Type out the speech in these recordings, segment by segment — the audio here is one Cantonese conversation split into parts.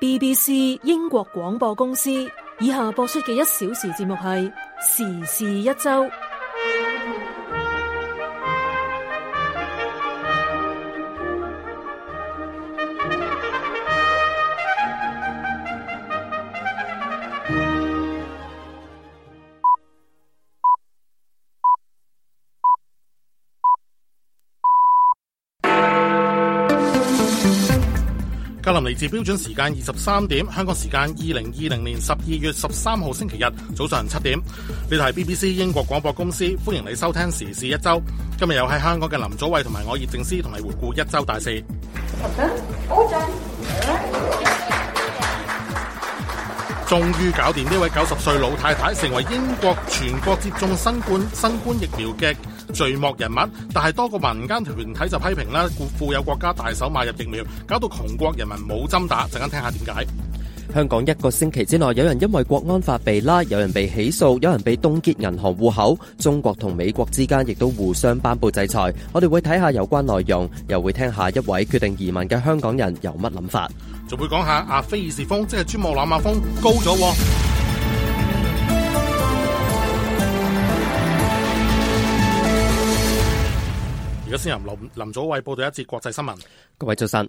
BBC 英國廣播公司以下播出嘅一小時節目係時事一周。嚟自標準時間二十三點，香港時間二零二零年十二月十三號星期日早上七點。呢度係 BBC 英國廣播公司，歡迎你收聽時事一周。今日又係香港嘅林祖偉同埋我葉正思同你回顧一周大事。好正，終 於樂搞掂呢位九十歲老太太，成為英國全國接種新冠新冠疫苗嘅。罪幕人物，但係多個民間團體就批評啦，富富有國家大手買入疫苗，搞到窮國人民冇針打。陣間聽下點解？香港一個星期之內，有人因為國安法被拉，有人被起訴，有人被凍結銀行戶口。中國同美國之間亦都互相頒布制裁。我哋會睇下有關內容，又會聽下一位決定移民嘅香港人有乜諗法，仲會講下額菲爾士峰，即係珠穆朗瑪峰高咗喎。而家先由林林祖偉報道一節國際新聞，各位早晨。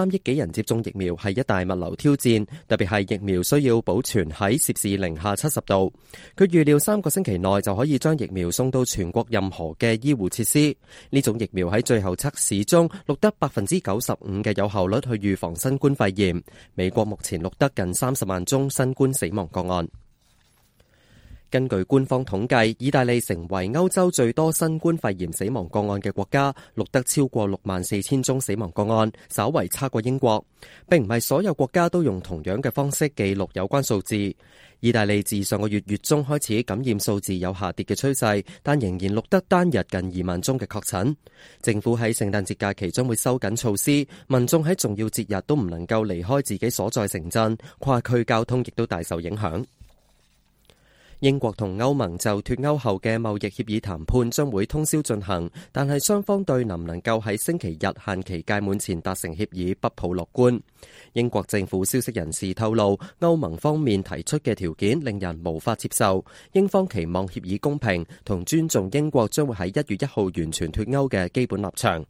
三億幾人接種疫苗係一大物流挑戰，特別係疫苗需要保存喺攝氏零下七十度。佢預料三個星期內就可以將疫苗送到全國任何嘅醫護設施。呢種疫苗喺最後測試中錄得百分之九十五嘅有效率去預防新冠肺炎。美國目前錄得近三十萬宗新冠死亡個案。根據官方統計，意大利成為歐洲最多新冠肺炎死亡個案嘅國家，錄得超過六萬四千宗死亡個案，稍為差過英國。並唔係所有國家都用同樣嘅方式記錄有關數字。意大利自上個月月中開始感染數字有下跌嘅趨勢，但仍然錄得單日近二萬宗嘅確診。政府喺聖誕節假期將會收緊措施，民眾喺重要節日都唔能夠離開自己所在城鎮，跨區交通亦都大受影響。英國同歐盟就脫歐後嘅貿易協議談判將會通宵進行，但係雙方對能唔能夠喺星期日限期屆滿前達成協議不抱樂觀。英國政府消息人士透露，歐盟方面提出嘅條件令人無法接受，英方期望協議公平同尊重英國將會喺一月一號完全脫歐嘅基本立場。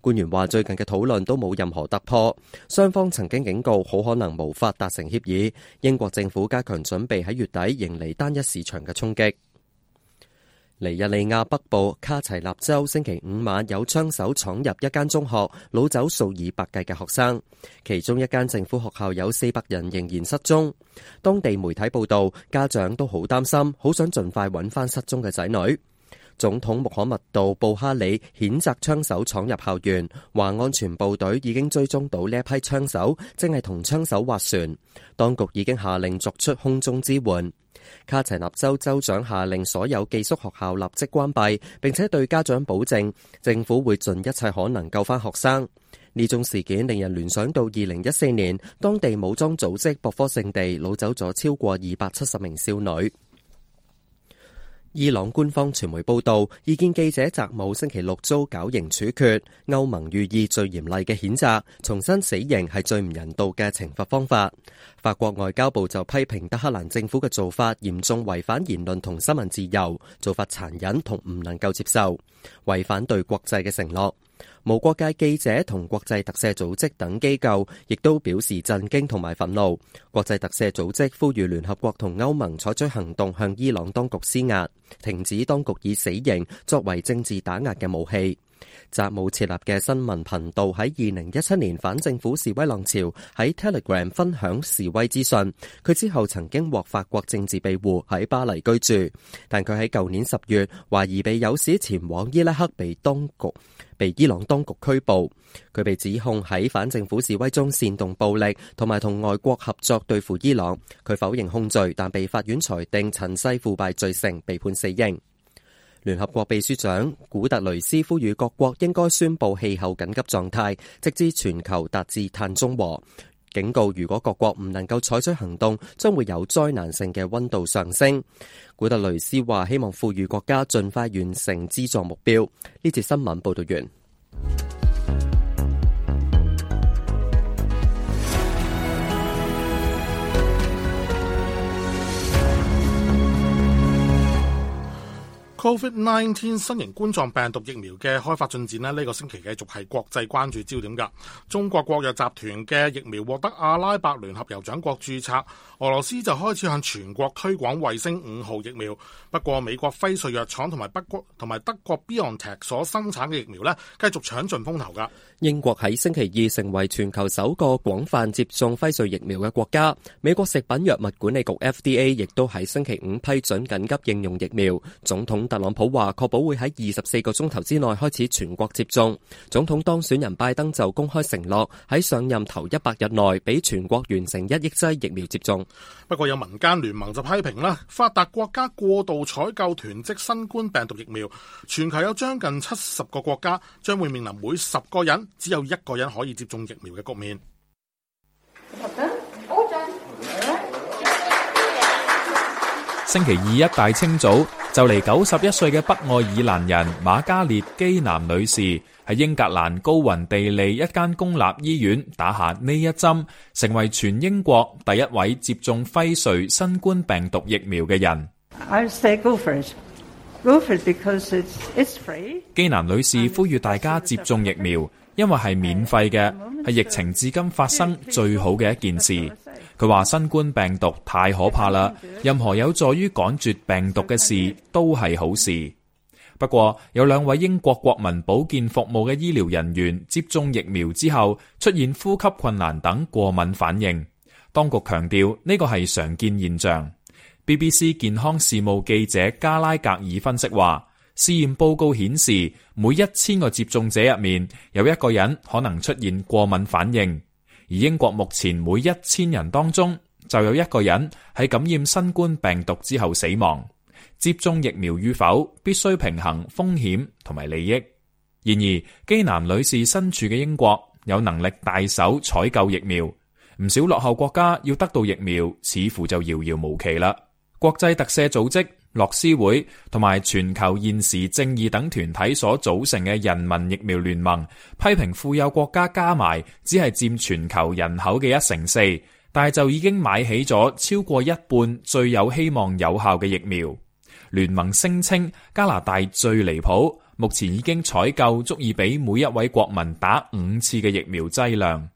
官員話：最近嘅討論都冇任何突破，雙方曾經警告，好可能無法達成協議。英國政府加強準備喺月底迎嚟單一市場嘅衝擊。尼日利亞北部卡齊納州星期五晚有槍手闖入一間中學，擄走數以百計嘅學生，其中一間政府學校有四百人仍然失蹤。當地媒體報道，家長都好擔心，好想盡快揾翻失蹤嘅仔女。總統穆罕默杜布哈里譴責槍手闖入校園，話安全部隊已經追蹤到呢一批槍手，正係同槍手劃船。當局已經下令作出空中支援。卡齊納州州長下令所有寄宿學校立即關閉，並且對家長保證，政府會盡一切可能救翻學生。呢種事件令人聯想到二零一四年當地武裝組織博科聖地擄走咗超過二百七十名少女。伊朗官方傳媒報道，異見記者扎姆星期六遭絞刑處決。歐盟予以最嚴厲嘅譴責，重申死刑係最唔人道嘅懲罰方法。法國外交部就批評德黑蘭政府嘅做法嚴重違反言論同新聞自由，做法殘忍同唔能夠接受，違反對國際嘅承諾。無國界記者同國際特赦組織等機構亦都表示震驚同埋憤怒。國際特赦組織呼籲聯合國同歐盟採取行動，向伊朗當局施壓，停止當局以死刑作為政治打壓嘅武器。澤姆設立嘅新聞頻道喺二零一七年反政府示威浪潮喺 Telegram 分享示威資訊。佢之後曾經獲法國政治庇護喺巴黎居住，但佢喺舊年十月懷疑被誘使前往伊拉克被當局被伊朗當局拘捕。佢被指控喺反政府示威中煽動暴力同埋同外國合作對付伊朗。佢否認控罪，但被法院裁定塵世腐敗罪成，被判死刑。聯合國秘書長古特雷斯呼籲各國應該宣布氣候緊急狀態，直至全球達至碳中和。警告：如果各國唔能夠採取行動，將會有災難性嘅温度上升。古特雷斯話：希望富裕國家盡快完成資助目標。呢節新聞報道完。Covid nineteen 新型冠狀病毒疫苗嘅開發進展呢，呢、呢個星期繼續係國際關注焦點。噶中國國藥集團嘅疫苗獲得阿拉伯聯合酋長國注冊，俄羅斯就開始向全國推廣衛星五號疫苗。不過美國輝瑞藥廠同埋北同埋德國 Biontech 所生產嘅疫苗呢，繼續搶盡風頭。噶英國喺星期二成為全球首個廣泛接種輝瑞疫苗嘅國家。美國食品藥物管理局 FDA 亦都喺星期五批准緊急應用疫苗。總統。特朗普話確保會喺二十四個鐘頭之內開始全國接種。總統當選人拜登就公開承諾喺上任頭一百日內，俾全國完成一億劑疫苗接種。不過有民間聯盟就批評啦，發達國家過度採購囤積新冠病毒疫苗，全球有將近七十個國家將會面臨每十個人只有一個人可以接種疫苗嘅局面。像 星期二一大清早。就嚟九十一歲嘅北愛爾蘭人瑪加列基南女士喺英格蘭高雲地利一間公立醫院打下呢一針，成為全英國第一位接種輝瑞新冠病毒疫苗嘅人。I say go for it, go for it because it's it's free。基南女士呼籲大家接種疫苗。因為係免費嘅，係疫情至今發生最好嘅一件事。佢話新冠病毒太可怕啦，任何有助於趕絕病毒嘅事都係好事。不過，有兩位英國國民保健服務嘅醫療人員接種疫苗之後，出現呼吸困難等過敏反應。當局強調呢個係常見現象。BBC 健康事務記者加拉格爾分析話：試驗報告顯示，每一千個接種者入面，有一個人可能出現過敏反應，而英國目前每一千人當中就有一個人喺感染新冠病毒之後死亡。接種疫苗與否必須平衡風險同埋利益。然而，基南女士身處嘅英國有能力大手採購疫苗，唔少落後國家要得到疫苗似乎就遙遙無期啦。國際特赦組織。樂施會同埋全球現時正義等團體所組成嘅人民疫苗聯盟批評，富有國家加埋只係佔全球人口嘅一成四，但係就已經買起咗超過一半最有希望有效嘅疫苗。聯盟聲稱加拿大最離譜，目前已經採購足以俾每一位國民打五次嘅疫苗劑量。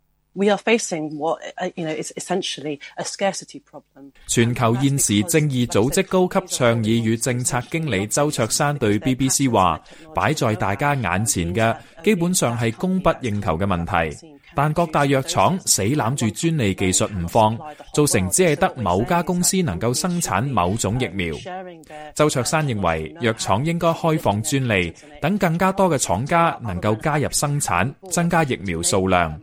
We are facing what you know is essentially a scarcity problem. 全球現時正義組織高級倡議與政策經理周卓山對 BBC 話，擺在大家眼前嘅基本上係供不應求嘅問題，但各大藥廠死攬住專利技術唔放，造成只係得某家公司能夠生產某種疫苗。周卓山認為，藥廠應該開放專利，等更加多嘅廠家能夠加入生產，增加疫苗數量。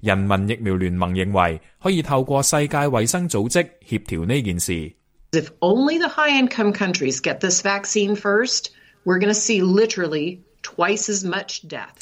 人民疫苗聯盟認為，可以透過世界衛生組織協調呢件事。If only the high income countries get this vaccine first, we're gonna see literally twice as much death.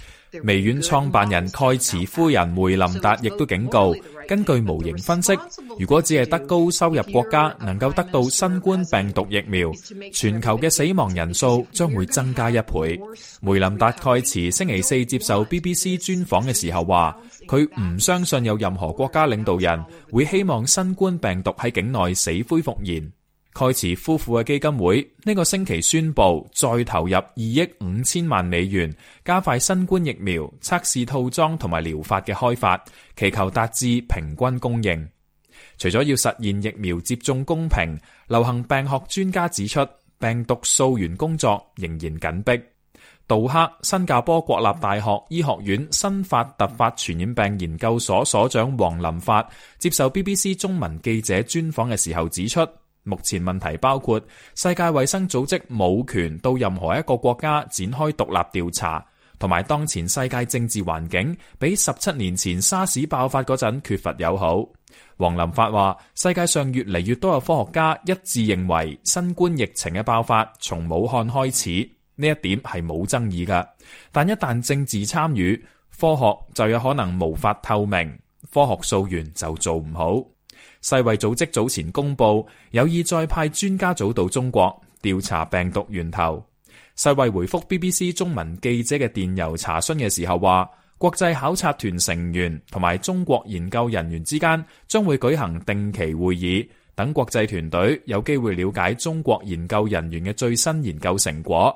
微軟創辦人蓋茨夫人梅林達亦都警告，根據模型分析，如果只係得高收入國家能夠得到新冠病毒疫苗，全球嘅死亡人數將會增加一倍。梅林達蓋茨星期四接受 BBC 專訪嘅時候話，佢唔相信有任何國家領導人會希望新冠病毒喺境內死灰復燃。蓋茨夫婦嘅基金會呢、這個星期宣布，再投入二億五千萬美元，加快新冠疫苗測試套裝同埋療法嘅開發，祈求達至平均供應。除咗要實現疫苗接種公平，流行病學專家指出，病毒溯源工作仍然緊迫。杜克新加坡國立大學醫學院新發突發傳染病研究所所，所長王林發接受 BBC 中文記者專訪嘅時候指出。目前問題包括世界衛生組織冇權到任何一個國家展開獨立調查，同埋當前世界政治環境比十七年前沙士爆發嗰陣缺乏友好。王林發話：世界上越嚟越多嘅科學家一致認為，新冠疫情嘅爆發從武漢開始，呢一點係冇爭議嘅。但一旦政治參與，科學就有可能無法透明，科學溯源就做唔好。世衛組織早前公布有意再派專家組到中國調查病毒源頭。世衛回覆 BBC 中文記者嘅電郵查詢嘅時候話，國際考察團成員同埋中國研究人員之間將會舉行定期會議，等國際團隊有機會了解中國研究人員嘅最新研究成果。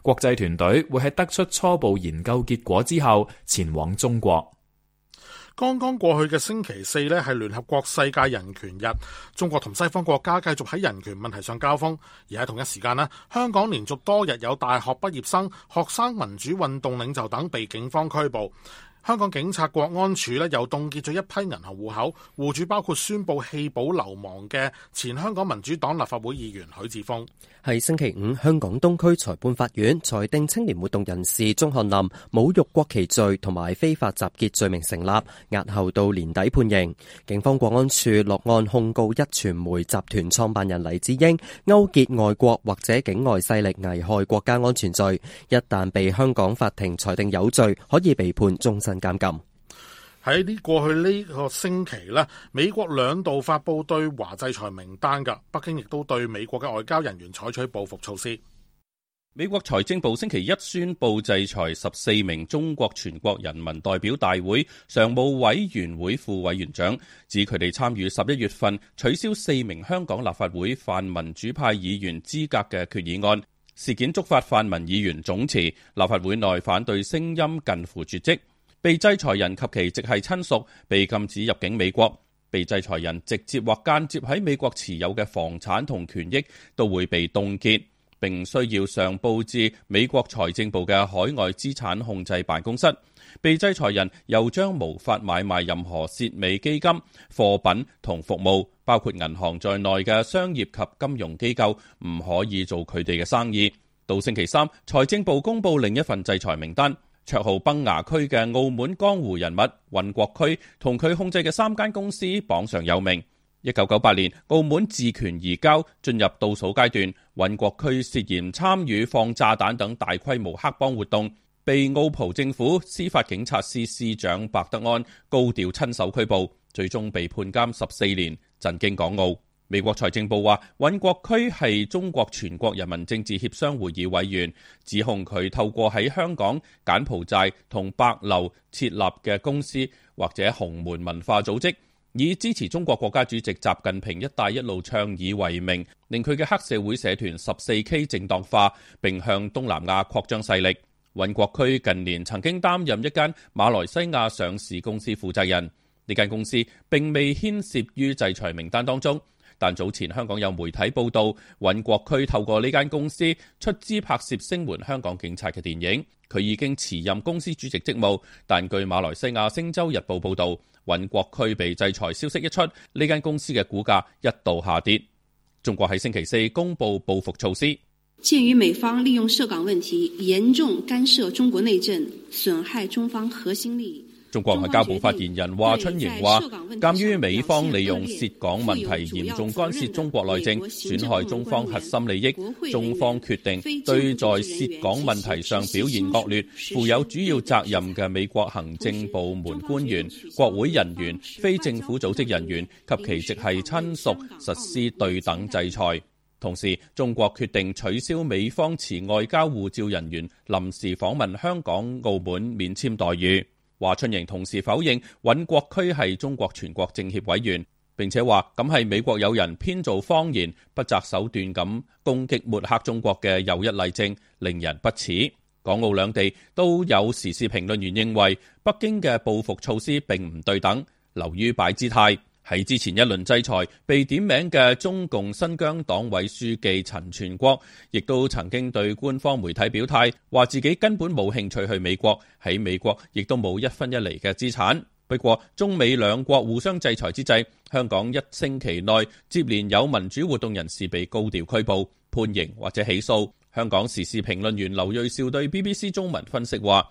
國際團隊會喺得出初步研究結果之後前往中國。剛剛過去嘅星期四咧，係聯合國世界人權日，中國同西方國家繼續喺人權問題上交鋒，而喺同一時間啦，香港連續多日有大學畢業生、學生民主運動領袖等被警方拘捕。香港警察國安處咧又凍結咗一批銀行戶口，戶主包括宣布棄保流亡嘅前香港民主黨立法會議員許智峰。喺星期五，香港東區裁判法院裁定青年活動人士鍾翰林侮辱國旗罪同埋非法集結罪名成立，押後到年底判刑。警方國安處落案控告一傳媒集團創辦人黎智英勾結外國或者境外勢力危害國家安全罪，一旦被香港法庭裁定有罪，可以被判終身監禁。喺呢過去呢個星期咧，美國兩度發布對華制裁名單。噶北京亦都對美國嘅外交人員採取報復措施。美國財政部星期一宣布制裁十四名中國全國人民代表大會常務委員會副委員長，指佢哋參與十一月份取消四名香港立法會泛民主派議員資格嘅決議案，事件觸發泛民議員總辭，立法會內反對聲音近乎絕跡。被制裁人及其直系親屬被禁止入境美國。被制裁人直接或間接喺美國持有嘅房產同權益都會被凍結，並需要上報至美國財政部嘅海外資產控制辦公室。被制裁人又將無法買賣任何涉美基金、貨品同服務，包括銀行在內嘅商業及金融機構唔可以做佢哋嘅生意。到星期三，財政部公布另一份制裁名單。綽號崩牙駒嘅澳門江湖人物尹國駒，同佢控制嘅三間公司榜上有名。一九九八年，澳門主權移交進入倒數階段，尹國駒涉嫌參與放炸彈等大規模黑幫活動，被澳葡政府司法警察司司長白德安高調親手拘捕，最終被判監十四年，震驚港澳。美國財政部話，尹國區係中國全國人民政治協商會議委員，指控佢透過喺香港柬埔寨同白樓設立嘅公司或者洪門文化組織，以支持中國國家主席習近平“一帶一路”倡議為名，令佢嘅黑社會社團十四 K 正當化，並向東南亞擴張勢力。尹國區近年曾經擔任一間馬來西亞上市公司負責人，呢間公司並未牽涉於制裁名單當中。但早前香港有媒體報道，尹國駒透過呢間公司出資拍攝《聲援香港警察》嘅電影，佢已經辭任公司主席職務。但據馬來西亞《星洲日報》報道，尹國駒被制裁消息一出，呢間公司嘅股價一度下跌。中國喺星期四公布報復措施，鑑於美方利用涉港問題嚴重干涉中國內政，損害中方核心利益。中國外交部發言人華春瑩話：鑒於美方利用涉港問題嚴重干涉中國內政，損害中方核心利益，中方決定對在涉港問題上表現惡劣、負有主要責任嘅美國行政部門官員、國會人員、非政府組織人員及其直係親屬實施對等制裁。同時，中國決定取消美方持外交護照人員臨時訪問香港、澳門免簽待遇。華春瑩同時否認尹國駒係中國全國政協委員，並且話咁係美國有人編造謊言、不擇手段咁攻擊抹黑中國嘅又一例證，令人不齒。港澳兩地都有時事評論員認為，北京嘅報復措施並唔對等，流於擺姿態。喺之前一輪制裁被點名嘅中共新疆黨委書記陳全國亦都曾經對官方媒體表態話自己根本冇興趣去美國，喺美國亦都冇一分一厘嘅資產，不過中美兩國互相制裁之際，香港一星期內接連有民主活動人士被高調拘捕、判刑或者起訴，香港時事評論員劉銳紹對 BBC 中文分析話。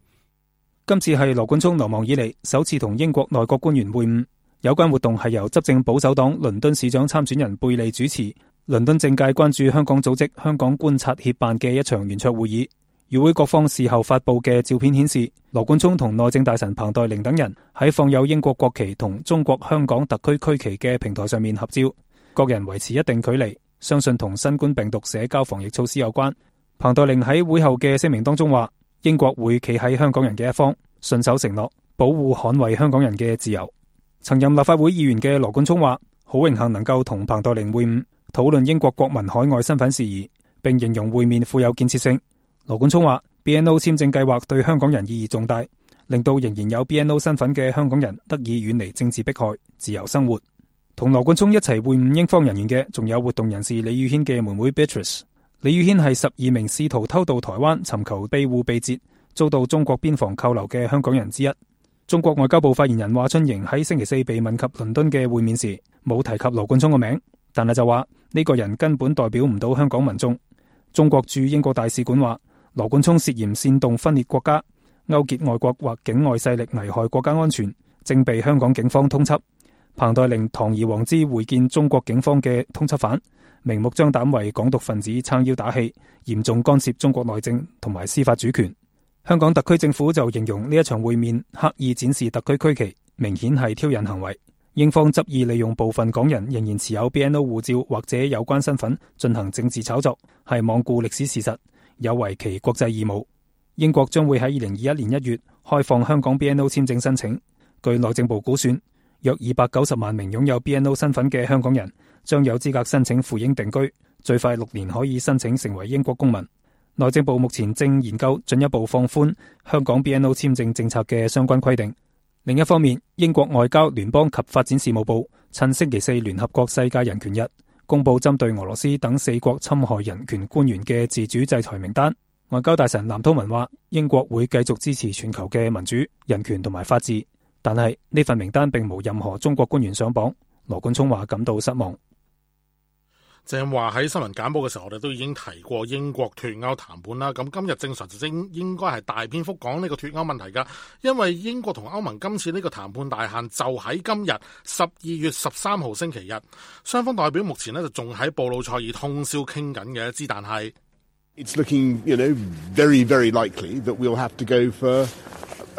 今次係羅冠聰流亡以嚟首次同英國內閣官員會晤，有關活動係由執政保守黨倫敦市長參選人貝利主持。倫敦政界關注香港組織香港觀察協辦嘅一場圓桌會議，與會各方事後發佈嘅照片顯示，羅冠聰同內政大臣彭黛玲等人喺放有英國國旗同中國香港特區區旗嘅平台上面合照，各人維持一定距離，相信同新冠病毒社交防疫措施有關。彭黛玲喺會後嘅聲明當中話：英國會企喺香港人嘅一方，信守承諾，保護捍衛香港人嘅自由。曾任立法會議員嘅羅冠聰話：好榮幸能夠同彭黛玲會晤，討論英國國民海外身份事宜，并形容會面富有建設性。羅冠聰話：BNO 簽證計劃對香港人意義重大，令到仍然有 BNO 身份嘅香港人得以遠離政治迫害，自由生活。同羅冠聰一齊會晤英方人員嘅，仲有活動人士李宇軒嘅妹妹 Beatrice。李宇軒係十二名試圖偷渡台灣、尋求庇護被截，遭到中國邊防扣留嘅香港人之一。中國外交部發言人華春瑩喺星期四被問及倫敦嘅會面時，冇提及羅冠聰個名，但係就話呢、這個人根本代表唔到香港民眾。中國駐英國大使館話，羅冠聰涉嫌煽動分裂國家、勾結外國或境外勢力危害國家安全，正被香港警方通緝。彭代玲堂而皇之會見中國警方嘅通緝犯。明目張膽為港獨分子撐腰打氣，嚴重干涉中國內政同埋司法主權。香港特區政府就形容呢一場會面刻意展示特區區旗，明顯係挑釁行為。英方執意利用部分港人仍然持有 BNO 護照或者有關身份進行政治炒作，係罔顧歷史事實，有違其國際義務。英國將會喺二零二一年一月開放香港 BNO 簽證申請。據內政部估算。約二百九十萬名擁有 BNO 身份嘅香港人將有資格申請赴英定居，最快六年可以申請成為英國公民。內政部目前正研究進一步放寬香港 BNO 簽證政策嘅相關規定。另一方面，英國外交、聯邦及發展事務部趁星期四聯合國世界人權日，公布針對俄羅斯等四國侵害人權官員嘅自主制裁名單。外交大臣藍韜文話：英國會繼續支持全球嘅民主、人權同埋法治。但係呢份名單並冇任何中國官員上榜，羅冠聰話感到失望。正話喺新聞簡報嘅時候，我哋都已經提過英國脱歐談判啦。咁今日正常就應應該係大篇幅講呢個脱歐問題噶，因為英國同歐盟今次呢個談判大限就喺今日十二月十三號星期日，雙方代表目前呢就仲喺布魯塞爾通宵傾緊嘅。一之但係，It's looking you know very very likely that we'll have to go for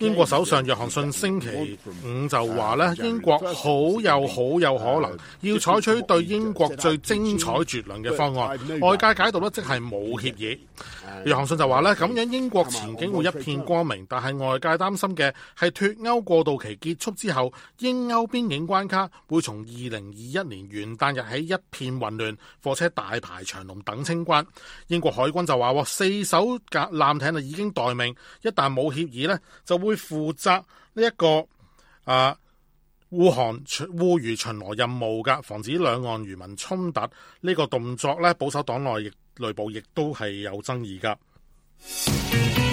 英國首相約翰遜星期五就話咧，英國好有好有可能要採取對英國最精彩絕倫嘅方案。外界解讀咧，即係冇協議。約翰遜就話咧，咁樣英國前景會一片光明，但係外界擔心嘅係脫歐過渡期結束之後，英歐邊境關卡會從二零二一年元旦日起一片混亂，貨車大排長龍等清關。英國海軍就話四艘艦艇就已經待命，一旦冇協議。咧就會負責呢、這、一個啊護航、護漁巡邏任務㗎，防止兩岸漁民衝突，呢個動作咧，保守黨內亦內部亦都係有爭議㗎。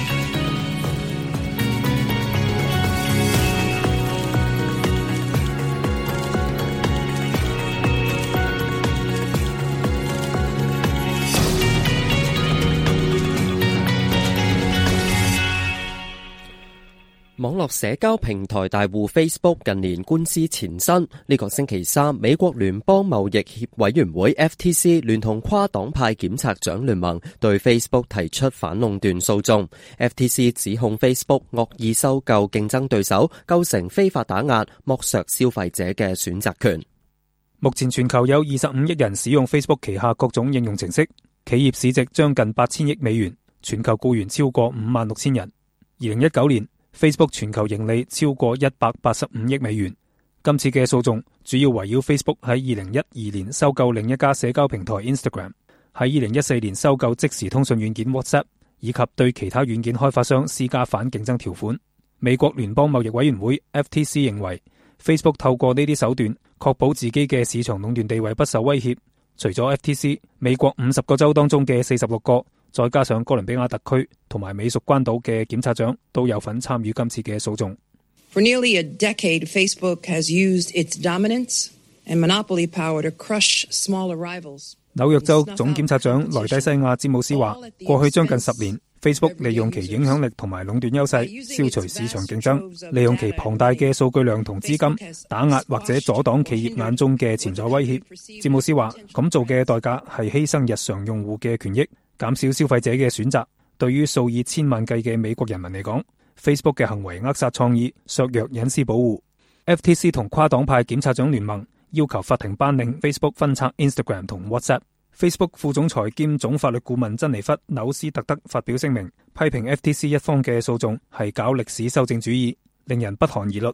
網絡社交平台大戶 Facebook 近年官司纏身。呢個星期三，美國聯邦貿易協委員會 （FTC） 聯同跨黨派檢察長聯盟對 Facebook 提出反壟斷訴訟。FTC 指控 Facebook 惡意收購競爭對手，構成非法打壓，剝削消費者嘅選擇權。目前全球有二十五億人使用 Facebook 旗下各種應用程式，企業市值將近八千億美元，全球雇員超過五萬六千人。二零一九年。Facebook 全球盈利超過一百八十五億美元。今次嘅訴訟主要圍繞 Facebook 喺二零一二年收購另一家社交平台 Instagram，喺二零一四年收購即時通訊軟件 WhatsApp，以及對其他軟件開發商施加反競爭條款。美國聯邦貿易委員會 （FTC） 認為 Facebook 透過呢啲手段確保自己嘅市場壟斷地位不受威脅。除咗 FTC，美國五十個州當中嘅四十六個。再加上哥倫比亞特區同埋美屬關島嘅檢察長都有份參與今次嘅訴訟。紐約州總檢察長萊蒂西亞·詹姆斯話，過去將近十年，Facebook 利用其影響力同埋壟斷優勢，消除市場競爭，利用其龐大嘅數據量同資金打壓或者阻擋企業眼中嘅潛在威脅。詹姆斯話，咁做嘅代價係犧牲日常用戶嘅權益。減少消費者嘅選擇，對於數以千萬計嘅美國人民嚟講，Facebook 嘅行為扼殺創意、削弱隱私保護。FTC 同跨黨派檢察長聯盟要求法庭頒令 Facebook 分拆 Instagram 同 WhatsApp。Facebook 副總裁兼總法律顧問珍妮弗紐斯特德，德發表聲明，批評 FTC 一方嘅訴訟係搞歷史修正主義，令人不寒而慄。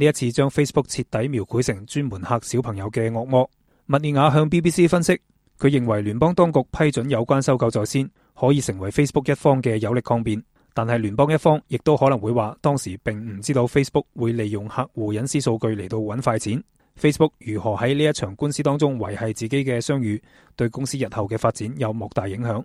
呢一次將 Facebook 徹底描繪成專門嚇小朋友嘅惡魔。麥列亞向 BBC 分析，佢認為聯邦當局批准有關收購在先，可以成為 Facebook 一方嘅有力抗辯。但係聯邦一方亦都可能會話，當時並唔知道 Facebook 會利用客戶隱私數據嚟到揾快錢。 Facebook 如何喺呢一場官司當中維繫自己嘅商譽，對公司日後嘅發展有莫大影響。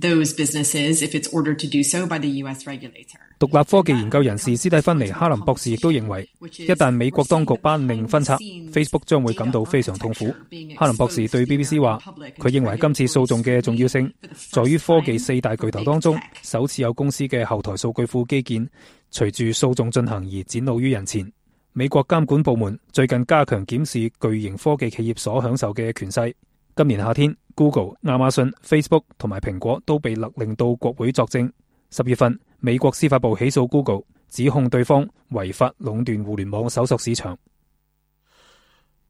獨立科技研究人士斯蒂芬尼·哈林博士亦都認為，一旦美國當局頒令分拆 Facebook，將會感到非常痛苦。哈林博士對 BBC 話，佢認為今次訴訟嘅重要性，在於科技四大巨頭當中，首次有公司嘅後台數據庫基建隨住訴訟進行而展露於人前。美國監管部門最近加強檢視巨型科技企業所享受嘅權勢。今年夏天，Google、亞馬遜、Facebook 同埋蘋果都被勒令到國會作證。十月份，美國司法部起訴 Google，指控對方違法壟斷互聯網搜索市場。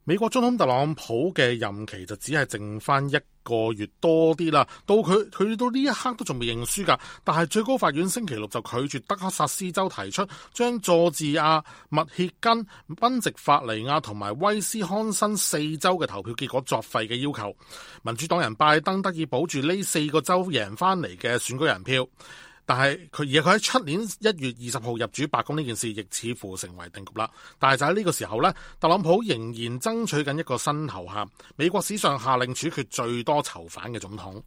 美國總統特朗普嘅任期就只係剩翻一個月多啲啦，到佢去到呢一刻都仲未認輸噶，但係最高法院星期六就拒絕德克薩斯州提出將佐治亞、密歇根、賓夕法尼亞同埋威斯康辛四州嘅投票結果作廢嘅要求，民主黨人拜登得以保住呢四個州贏翻嚟嘅選舉人票。但係佢而佢喺出年一月二十號入主白宮呢件事，亦似乎成為定局啦。但係就喺呢個時候呢，特朗普仍然爭取緊一個新頭銜——美國史上下令處決最多囚犯嘅總統。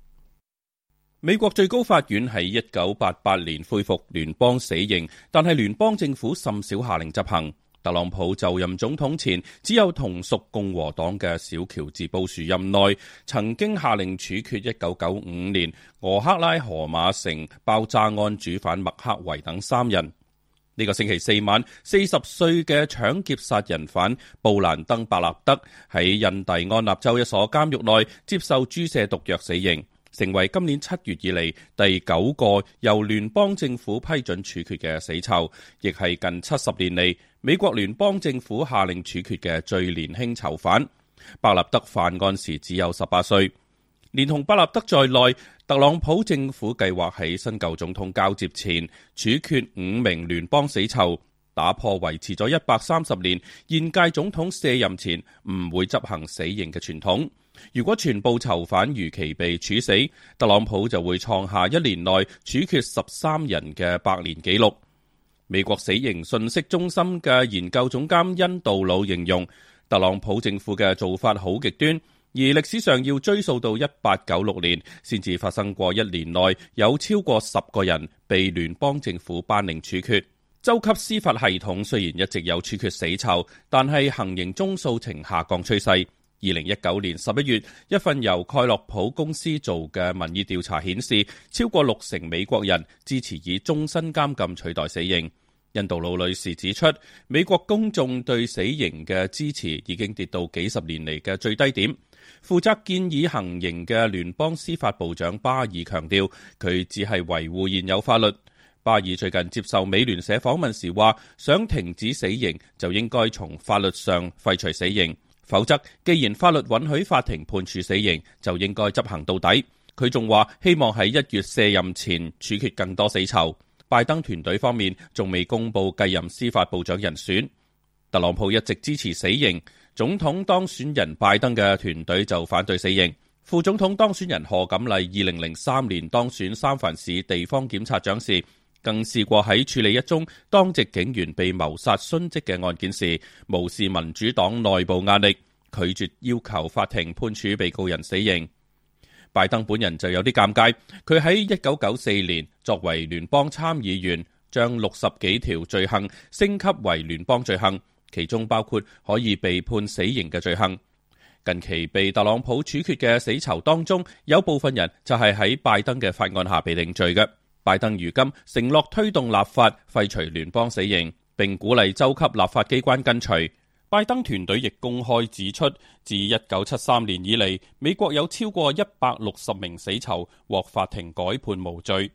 美國最高法院喺一九八八年恢復聯邦死刑，但係聯邦政府甚少下令執行。特朗普就任總統前，只有同屬共和黨嘅小喬治布殊任內曾經下令處決一九九五年俄克拉荷馬城爆炸案主犯麥克維等三人。呢個星期四晚四十歲嘅搶劫殺人犯布蘭登伯納德喺印第安納州一所監獄內接受注射毒藥死刑，成為今年七月以嚟第九個由聯邦政府批准處決嘅死囚，亦係近七十年嚟，美國聯邦政府下令處決嘅最年輕囚犯巴納德犯案時只有十八歲，連同巴納德在內，特朗普政府計劃喺新舊總統交接前處決五名聯邦死囚，打破維持咗一百三十年現屆總統卸任前唔會執行死刑嘅傳統。如果全部囚犯如期被處死，特朗普就會創下一年內處決十三人嘅百年紀錄。美國死刑信息中心嘅研究總監恩杜魯，形容特朗普政府嘅做法好極端，而歷史上要追溯到一八九六年先至發生過一年內有超過十個人被聯邦政府頒令處決。州級司法系統雖然一直有處決死囚，但係行刑宗數呈下降趨勢。二零一九年十一月，一份由蓋洛普公司做嘅民意調查顯示，超過六成美國人支持以終身監禁取代死刑。印度盧女士指出，美國公眾對死刑嘅支持已經跌到幾十年嚟嘅最低點。負責建議行刑嘅聯邦司法部長巴爾強調，佢只係維護現有法律。巴爾最近接受美聯社訪問時話，想停止死刑就應該從法律上廢除死刑。否則，既然法律允許法庭判處死刑，就應該執行到底。佢仲話希望喺一月卸任前處決更多死囚。拜登團隊方面仲未公布繼任司法部長人選。特朗普一直支持死刑，總統當選人拜登嘅團隊就反對死刑。副總統當選人賀錦麗二零零三年當選三藩市地方檢察長時，更試過喺處理一宗當值警員被謀殺殉職嘅案件時，無視民主黨內部壓力，拒絕要求法庭判處被告人死刑。拜登本人就有啲尷尬，佢喺一九九四年作為聯邦參議員，將六十幾條罪行升級為聯邦罪行，其中包括可以被判死刑嘅罪行。近期被特朗普處決嘅死囚當中有部分人就係喺拜登嘅法案下被定罪嘅。拜登如今承諾推動立法，廢除聯邦死刑，並鼓勵州級立法機關跟隨。拜登團隊亦公開指出，自一九七三年以嚟，美國有超過一百六十名死囚獲法庭改判無罪。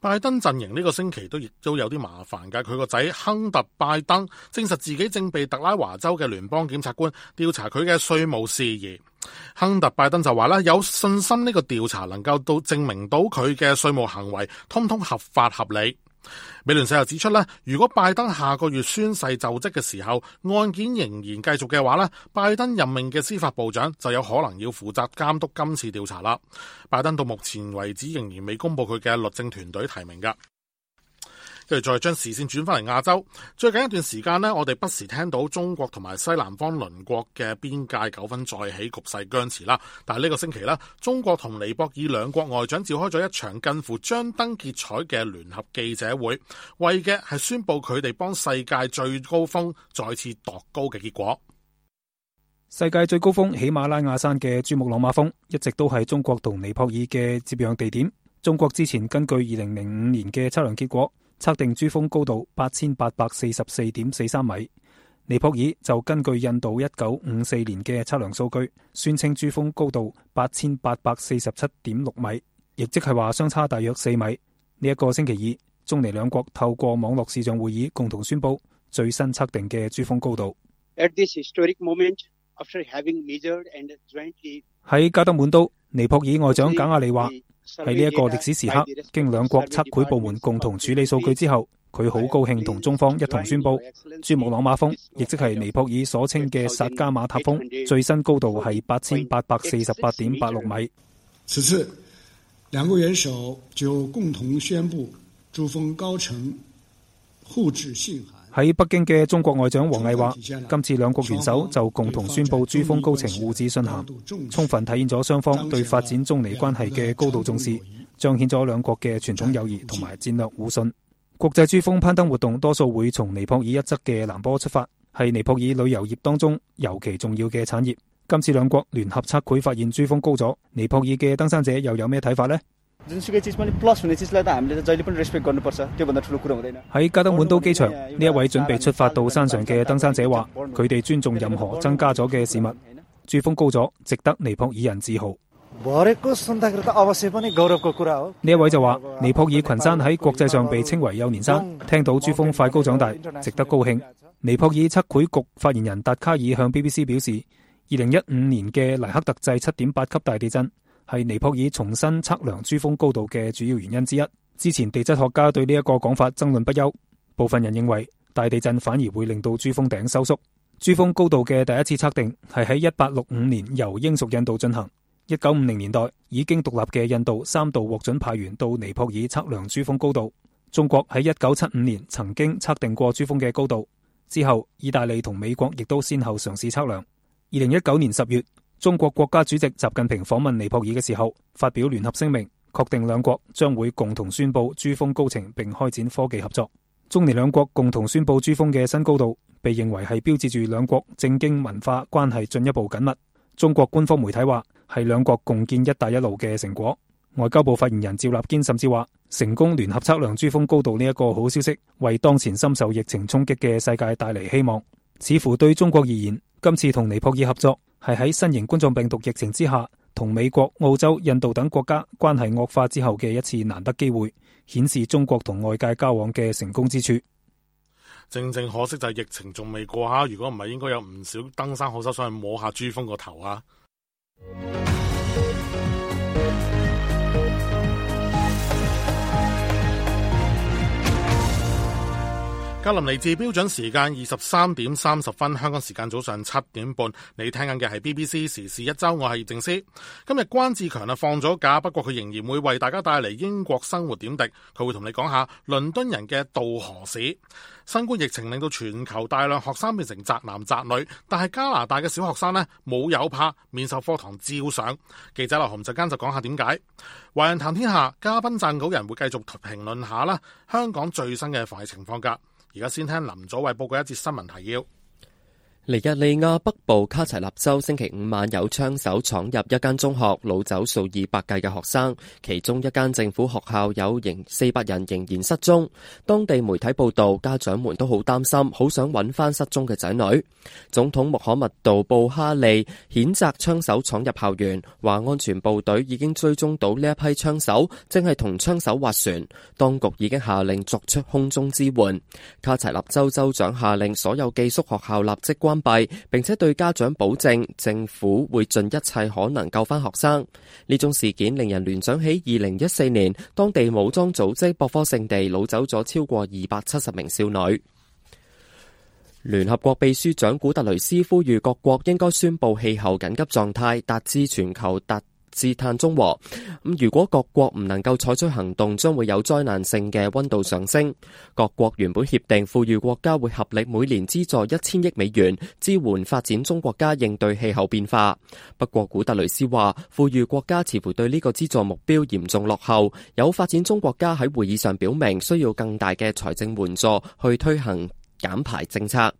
拜登陣營呢個星期都亦都有啲麻煩噶佢個仔亨特拜登證實自己正被特拉華州嘅聯邦檢察官調查佢嘅稅務事宜。亨特拜登就話啦，有信心呢個調查能夠到證明到佢嘅稅務行為通通合法合理。美聯社又指出咧，如果拜登下個月宣誓就職嘅時候，案件仍然繼續嘅話咧，拜登任命嘅司法部長就有可能要負責監督今次調查啦。拜登到目前為止仍然未公布佢嘅律政團隊提名噶。佢哋再將視線轉翻嚟亞洲。最近一段時間呢，我哋不時聽到中國同埋西南方鄰國嘅邊界糾紛再起，局勢僵持啦。但係呢個星期呢，中國同尼泊爾兩國外長召開咗一場近乎張燈結綵嘅聯合記者會，為嘅係宣布佢哋幫世界最高峰再次度高嘅結果。世界最高峰喜馬拉雅山嘅珠穆朗瑪峰一直都係中國同尼泊爾嘅接壤地點。中國之前根據二零零五年嘅測量結果。測定珠峰高度八千八百四十四點四三米，尼泊爾就根據印度一九五四年嘅測量數據，宣稱珠峰高度八千八百四十七點六米，亦即係話相差大約四米。呢、這、一個星期二，中尼兩國透過網絡視像會議，共同宣布最新測定嘅珠峰高度。喺加德滿都，尼泊爾外長賈亞利話。喺呢一個歷史時刻，經兩國測繪部門共同處理數據之後，佢好高興同中方一同宣布，珠穆朗瑪峰，亦即係尼泊爾所稱嘅薩加瑪塔峰，最新高度係八千八百四十八點八六米。此次兩國元首就共同宣布珠峰高程互致信函。喺北京嘅中國外長王毅話，今次兩國元首就共同宣布珠峰高程互致信函，充分體現咗雙方對發展中尼關係嘅高度重視，彰顯咗兩國嘅傳統友誼同埋戰略互信。國際珠峰攀登活動多數會從尼泊爾一側嘅南坡出發，係尼泊爾旅遊業當中尤其重要嘅產業。今次兩國聯合測繪發現珠峰高咗，尼泊爾嘅登山者又有咩睇法呢？喺加德滿都機場，呢一位準備出發到山上嘅登山者話：佢哋尊重任何增加咗嘅事物。珠峰高咗，值得尼泊爾人自豪。呢一位就話：尼泊爾群山喺國際上被稱為幼年山，聽到珠峰快高長大，值得高興。尼泊爾測繪局發言人達卡爾向 BBC 表示：二零一五年嘅黎克特制七點八級大地震，係尼泊爾重新測量珠峰高度嘅主要原因之一。之前地質學家對呢一個講法爭論不休，部分人認為大地震反而會令到珠峰頂收縮。珠峰高度嘅第一次測定係喺一八六五年由英屬印度進行。一九五零年代已經獨立嘅印度三度獲准派員到尼泊爾測量珠峰高度。中國喺一九七五年曾經測定過珠峰嘅高度，之後意大利同美國亦都先後嘗試測量。二零一九年十月，中國國家主席習近平訪問尼泊爾嘅時候，發表聯合聲明，確定兩國將會共同宣布珠峰高程，並開展科技合作。中尼兩國共同宣布珠峰嘅新高度，被認為係標誌住兩國政經文化關係進一步緊密。中國官方媒體話係兩國共建“一帶一路”嘅成果。外交部發言人趙立堅甚至話，成功聯合測量珠峰高度呢一個好消息，為當前深受疫情衝擊嘅世界帶嚟希望。似乎對中國而言，今次同尼泊爾合作。係喺新型冠狀病毒疫情之下，同美國、澳洲、印度等國家關係惡化之後嘅一次難得機會，顯示中國同外界交往嘅成功之處。正正可惜就係疫情仲未過下，如果唔係，應該有唔少登山好手想去摸下珠峰個頭啊！格林尼治標準時間二十三點三十分，香港時間早上七點半。你聽緊嘅係 BBC 時事一周，我係葉正思。今日關志強啊放咗假，不過佢仍然會為大家帶嚟英國生活點滴。佢會同你講下倫敦人嘅渡河史。新冠疫情令到全球大量學生變成宅男宅女，但係加拿大嘅小學生呢，冇有怕，面授課堂照上。記者劉紅就間就講下點解。華人談天下嘉賓撰稿人會繼續評論下啦。香港最新嘅防疫情況噶。而家先聽林祖慧報告一節新聞提要。尼日利亞北部卡齊納州星期五晚有槍手闖入一間中學擄走數以百計嘅學生，其中一間政府學校有仍四百人仍然失蹤。當地媒體報道，家長們都好擔心，好想揾翻失蹤嘅仔女。總統穆罕默杜布哈利譴責槍手闖入校園，話安全部隊已經追蹤到呢一批槍手，正係同槍手划船。當局已經下令作出空中支援。卡齊納州州長下令所有寄宿學校立即關關閉，並且對家長保證，政府會盡一切可能救翻學生。呢種事件令人聯想起二零一四年當地武裝組織博科聖地擄走咗超過二百七十名少女。聯合國秘書長古特雷斯呼籲各國應該宣布氣候緊急狀態，達至全球達。至碳中和咁，如果各國唔能夠採取行動，將會有災難性嘅温度上升。各國原本協定富裕國家會合力每年資助一千億美元支援發展中國家應對氣候變化。不過古特雷斯話，富裕國家似乎對呢個資助目標嚴重落後，有發展中國家喺會議上表明需要更大嘅財政援助去推行減排政策，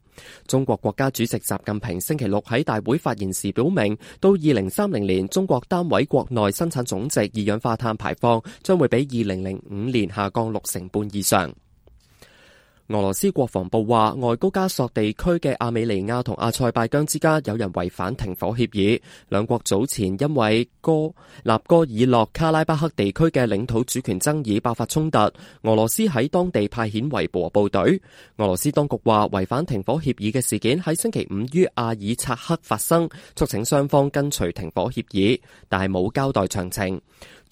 中國國家主席習近平星期六喺大會發言時表明，到二零三零年，中國單位國內生產總值二氧化碳排放將會比二零零五年下降六成半以上。俄羅斯國防部話，外高加索地區嘅阿美尼亞同阿塞拜疆之間有人違反停火協議。兩國早前因為哥納哥爾洛卡拉巴克地區嘅領土主權爭議爆發衝突，俄羅斯喺當地派遣維和部隊。俄羅斯當局話，違反停火協議嘅事件喺星期五於阿爾察克發生，促請雙方跟隨停火協議，但係冇交代詳情。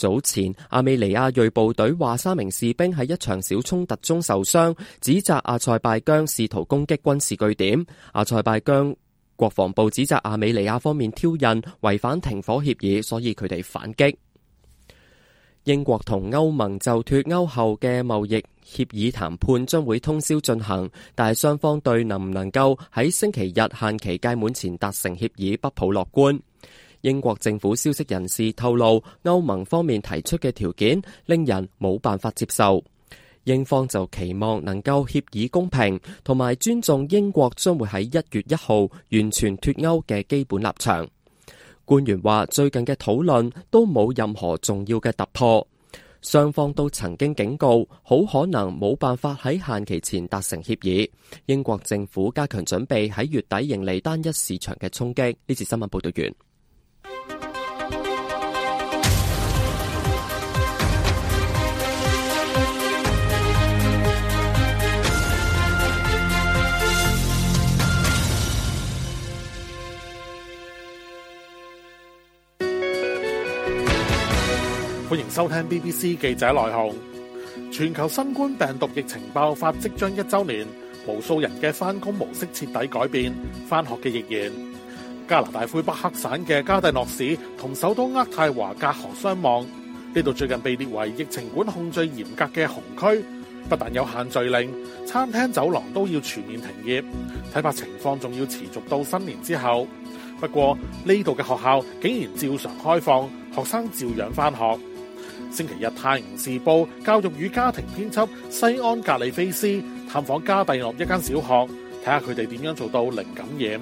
早前，阿美尼亞裔部隊話三名士兵喺一場小衝突中受傷，指責阿塞拜疆試圖攻擊軍事據點。阿塞拜疆國防部指責阿美尼亞方面挑釁，違反停火協議，所以佢哋反擊。英國同歐盟就脫歐後嘅貿易協議談判將會通宵進行，但係雙方對能唔能夠喺星期日限期屆滿前達成協議不抱樂觀。英國政府消息人士透露，歐盟方面提出嘅條件令人冇辦法接受。英方就期望能夠協議公平，同埋尊重英國將會喺一月一號完全脱歐嘅基本立場。官員話，最近嘅討論都冇任何重要嘅突破，雙方都曾經警告，好可能冇辦法喺限期前達成協議。英國政府加強準備喺月底迎嚟單一市場嘅衝擊。呢次新聞報道完。歡迎收聽 BBC 記者來鴻。全球新冠病毒疫情爆發即將一周年，無數人嘅翻工模式徹底改變，翻學嘅亦然。加拿大魁北克省嘅加蒂諾市同首都渥太華隔河相望，呢度最近被列為疫情管控最嚴格嘅紅區，不但有限聚令，餐廳走廊都要全面停業，睇怕情況仲要持續到新年之後。不過呢度嘅學校竟然照常開放，學生照樣翻學。星期日，《泰晤士報》教育與家庭編輯西安格里菲斯探訪加蒂諾一間小學，睇下佢哋點樣做到零感染。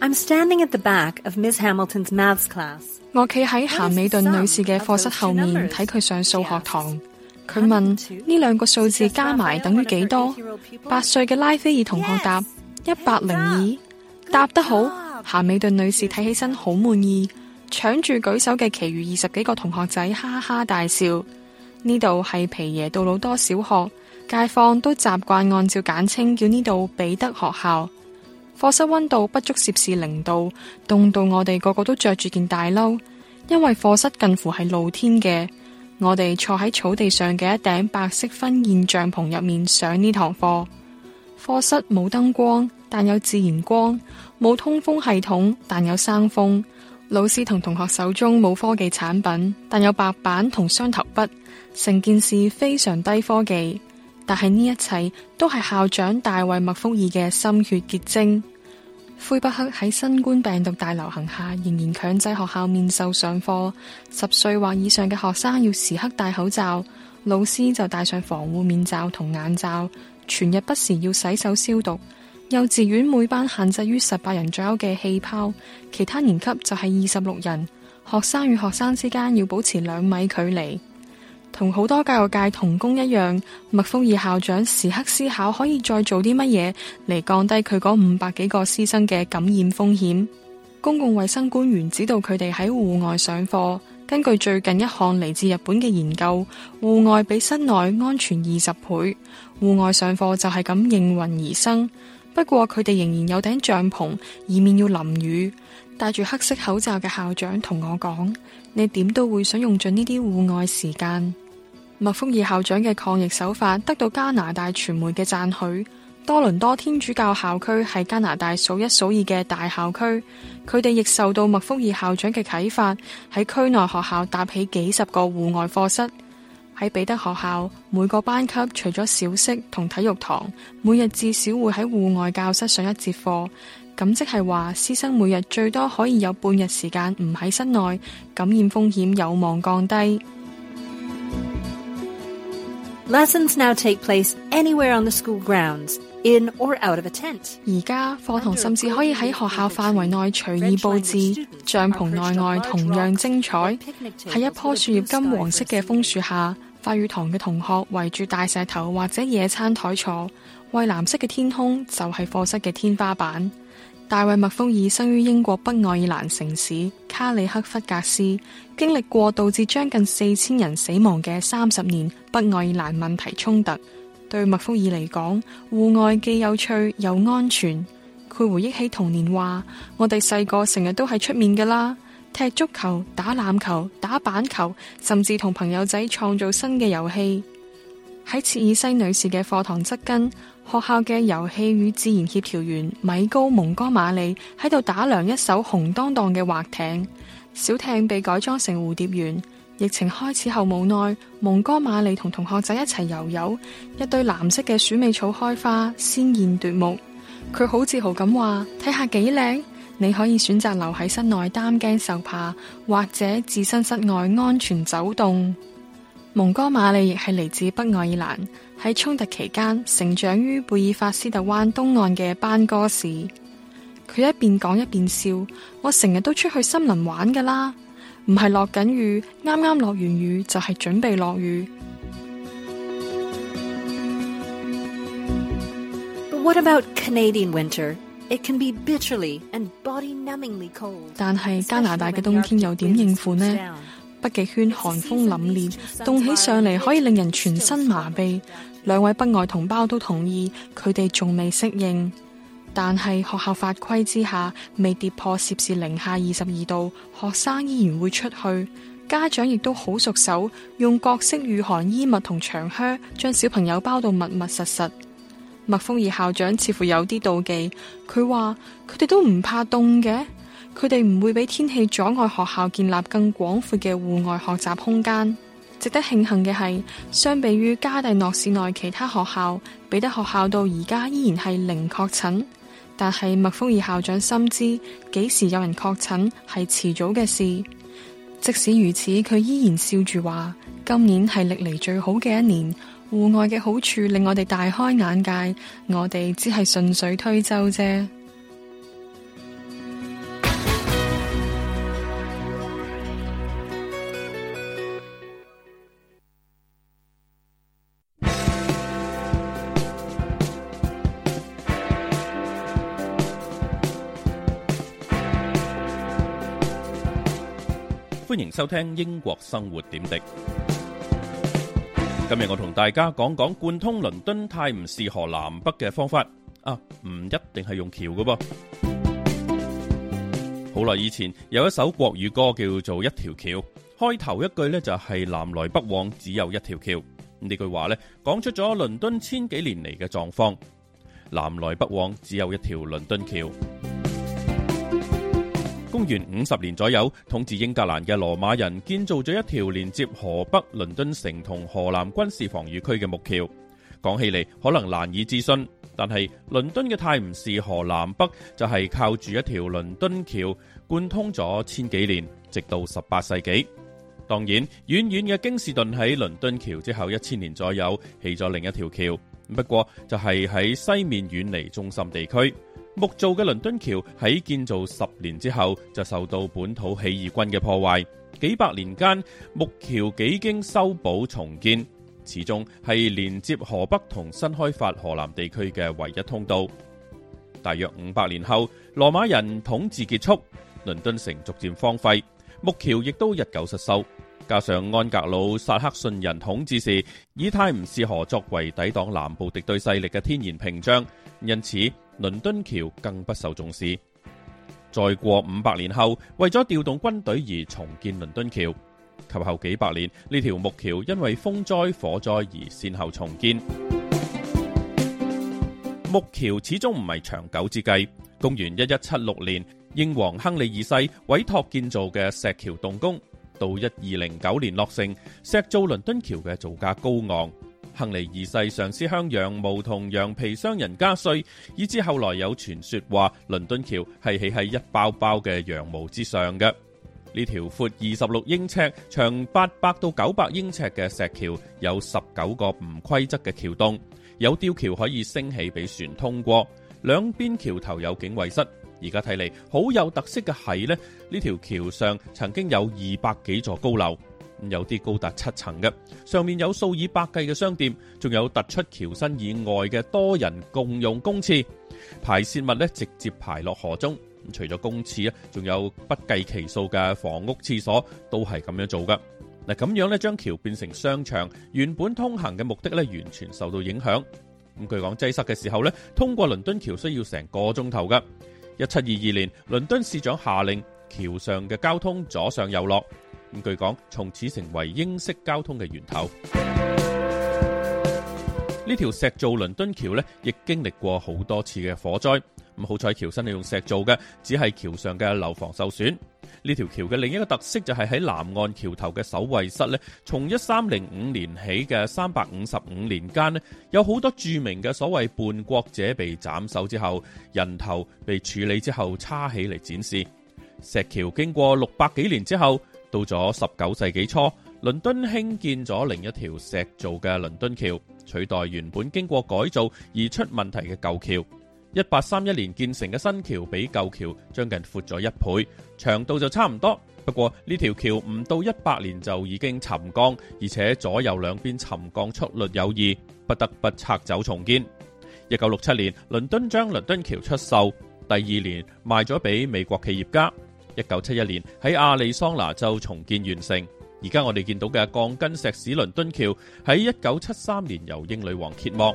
I'm standing at the back of Miss Hamilton's maths class。我企喺咸美頓女士嘅課室後面睇佢上數學堂。佢問：呢兩個數字加埋等於幾多？八歲嘅拉菲爾同學答：一百零二。答得好，咸美頓女士睇起身好滿意。搶住舉手嘅其餘二十幾個同學仔，哈哈大笑。呢度係皮耶杜魯多小學，街坊都習慣按照簡稱叫呢度彼得學校。課室溫度不足攝氏零度，凍到我哋個個都着住件大褸，因為課室近乎係露天嘅。我哋坐喺草地上嘅一頂白色婚宴帳篷入面上呢堂課。課室冇燈光，但有自然光；冇通風系統，但有生風。老師同同學手中冇科技產品，但有白板同雙頭筆，成件事非常低科技。但係呢一切都係校長大衛麥福爾嘅心血結晶。魁北克喺新冠病毒大流行下，仍然強制學校面授上課，十歲或以上嘅學生要時刻戴口罩，老師就戴上防護面罩同眼罩，全日不時要洗手消毒。幼稚園每班限制於十八人左右嘅氣泡，其他年級就係二十六人。學生與學生之間要保持兩米距離。同好多教育界同工一樣，麥福爾校長時刻思考可以再做啲乜嘢嚟降低佢嗰五百幾個師生嘅感染風險。公共衛生官員指導佢哋喺戶外上課，根據最近一項嚟自日本嘅研究，戶外比室內安全二十倍。戶外上課就係咁應運而生。不過佢哋仍然有頂帳篷，以免要淋雨。戴住黑色口罩嘅校長同我講，你點都會想用盡呢啲戶外時間。麥福爾校長嘅抗疫手法得到加拿大傳媒嘅讚許。多倫多天主教校區係加拿大數一數二嘅大校區，佢哋亦受到麥福爾校長嘅啟發，喺區內學校搭起幾十個戶外課室。喺彼得學校，每個班級除咗小息同體育堂，每日至少會喺戶外教室上一節課。咁即係話，師生每日最多可以有半日時間唔喺室內，感染風險有望降低。Lessons now take place anywhere on the school grounds. In or out of a tent. 而家課堂甚至可以喺學校範圍內隨意佈置，帳篷內外同樣精彩。喺一棵樹葉金黃色嘅楓樹下，法語堂嘅同學圍住大石頭或者野餐台坐，蔚藍色嘅天空就係課室嘅天花板。大衛麥克菲爾生於英國北愛爾蘭城市卡里克弗格斯，經歷過導致將近四千人死亡嘅三十年北愛爾蘭問題衝突。對麥福爾嚟講，戶外既有趣又安全。佢回憶起童年話：我哋細個成日都喺出面噶啦，踢足球、打籃球、打板球，甚至同朋友仔創造新嘅遊戲。喺切爾西女士嘅課堂側跟，學校嘅遊戲與自然協調員米高蒙哥馬利喺度打量一艘紅當當嘅划艇，小艇被改裝成蝴蝶園。疫情開始後，無奈蒙哥馬利同同學仔一齊游游，一堆藍色嘅鼠尾草開花，鮮艷奪目。佢好自豪咁話：睇下幾靚！你可以選擇留喺室內擔驚受怕，或者置身室外安全走動。蒙哥馬利亦係嚟自北愛爾蘭，喺衝突期間成長於貝爾法斯特灣東岸嘅班戈士。佢一邊講一邊笑：我成日都出去森林玩噶啦！唔係落緊雨，啱啱落完雨就係、是、準備落雨。但係是 Especially 加拿大嘅冬天又 we 點應付呢？北極圈寒風凜冽，凍起上嚟可以令人全身麻痹。兩位北愛同胞都同意，佢哋仲未適應。但係學校法規之下，未跌破攝氏零下二十二度，學生依然會出去。家長亦都好熟手，用各式御寒衣物同長靴，將小朋友包到密密實實。麥豐兒校長似乎有啲妒忌，佢話佢哋都唔怕凍嘅，佢哋唔會俾天氣阻礙學校建立更廣闊嘅戶外學習空間。值得慶幸嘅係，相比於加蒂諾市內其他學校，彼得學校到而家依然係零確診。但係麥福爾校長深知幾時有人確診係遲早嘅事，即使如此，佢依然笑住話：今年係歷嚟最好嘅一年，戶外嘅好處令我哋大開眼界，我哋只係順水推舟啫。歡迎收聽英國生活點滴。今日我同大家講講貫通倫敦泰晤士河南北嘅方法啊，唔一定係用橋噶噃。好耐以前有一首國語歌叫做《一條橋》，開頭一句呢就係南來北往只有一條橋。呢句話呢講出咗倫敦千幾年嚟嘅狀況，南來北往只有一條倫敦橋。公元五十年左右，統治英格蘭嘅羅馬人建造咗一條連接河北倫敦城同河南軍事防禦區嘅木橋。講起嚟可能難以置信，但係倫敦嘅泰晤士河南北就係靠住一條倫敦橋貫通咗千幾年，直到十八世紀。當然，遠遠嘅京士頓喺倫敦橋之後一千年左右起咗另一條橋，不過就係喺西面遠離中心地區。木造嘅倫敦橋喺建造十年之後就受到本土起義軍嘅破壞，幾百年間木橋幾經修補重建，始終係連接河北同新開發河南地區嘅唯一通道。大約五百年後，羅馬人統治結束，倫敦城逐漸荒廢，木橋亦都日久失修。加上安格魯撒克遜人統治時，以泰晤士河作為抵擋南部敵對勢力嘅天然屏障，因此倫敦橋更不受重視。再過五百年後，為咗調動軍隊而重建倫敦橋，及後幾百年，呢條木橋因為風災、火災而先後重建。木橋始終唔係長久之計。公元一一七六年，英皇亨利二世委託建造嘅石橋動工。到一二零九年落成，石造倫敦橋嘅造價高昂。亨利二世嘗試向羊毛同羊皮商人加稅，以致後來有傳說話倫敦橋係起喺一包包嘅羊毛之上嘅。呢條闊二十六英尺、長八百到九百英尺嘅石橋有十九個唔規則嘅橋洞，有吊橋可以升起俾船通過，兩邊橋頭有警衛室。而家睇嚟好有特色嘅係咧，呢條橋上曾經有二百幾座高樓，有啲高達七層嘅，上面有數以百計嘅商店，仲有突出橋身以外嘅多人共用公廁，排泄物咧直接排落河中。除咗公廁啊，仲有不計其數嘅房屋廁所都係咁樣做噶嗱。咁樣咧，將橋變成商場，原本通行嘅目的咧完全受到影響。咁據講擠塞嘅時候，呢通過倫敦橋需要成個鐘頭噶。一七二二年，倫敦市長下令橋上嘅交通左上右落，咁據講從此成為英式交通嘅源頭。呢 條石造倫敦橋呢，亦經歷過好多次嘅火災。咁好彩，橋身係用石做嘅，只係橋上嘅樓房受損。呢條橋嘅另一個特色就係喺南岸橋頭嘅守衛室咧，從一三零五年起嘅三百五十五年間咧，有好多著名嘅所謂叛國者被斬首之後，人頭被處理之後叉起嚟展示。石橋經過六百幾年之後，到咗十九世紀初，倫敦興建咗另一條石造嘅倫敦橋，取代原本經過改造而出問題嘅舊橋。一八三一年建成嘅新橋比舊橋將近闊咗一倍，長度就差唔多。不過呢條橋唔到一百年就已經沉降，而且左右兩邊沉降速率有異，不得不拆走重建。一九六七年，倫敦將倫敦橋出售，第二年賣咗俾美國企業家。一九七一年喺亞利桑那州重建完成，而家我哋見到嘅鋼筋石屎倫敦橋喺一九七三年由英女王揭幕。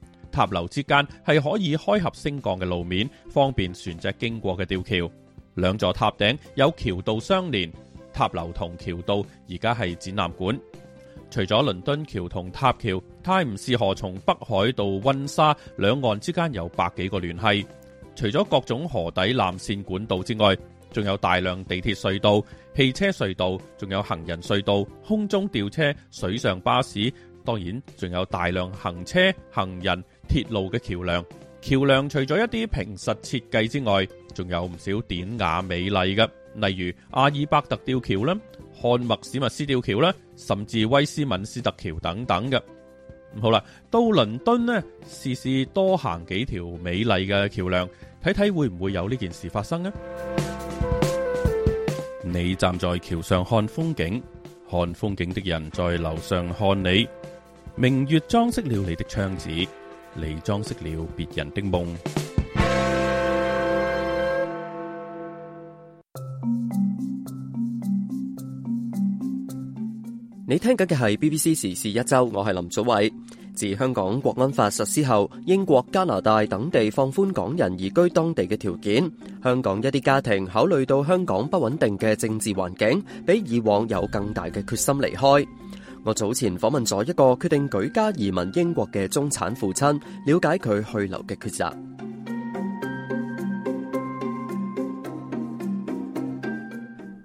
塔樓之間係可以開合升降嘅路面，方便船隻經過嘅吊橋。兩座塔頂有橋道相連，塔樓同橋道而家係展覽館。除咗倫敦橋同塔橋，泰晤士河從北海到溫莎兩岸之間有百幾個聯繫。除咗各種河底纜線管道之外，仲有大量地鐵隧道、汽車隧道，仲有行人隧道、空中吊車、水上巴士。當然，仲有大量行車、行人。鐵路嘅橋樑，橋樑除咗一啲平實設計之外，仲有唔少典雅美麗嘅，例如阿爾伯特吊橋啦、漢默史密斯吊橋啦，甚至威斯敏斯特橋等等嘅。好啦，到倫敦呢，試試多行幾條美麗嘅橋樑，睇睇會唔會有呢件事發生呢。你站在橋上看風景，看風景的人在樓上看你，明月裝飾了你的窗子。你裝飾了別人的夢。你聽緊嘅係 BBC 時事一周，我係林祖偉。自香港國安法實施後，英國、加拿大等地放寬港人移居當地嘅條件，香港一啲家庭考慮到香港不穩定嘅政治環境，比以往有更大嘅決心離開。我早前訪問咗一個決定舉家移民英國嘅中產父親，了解佢去留嘅抉擇。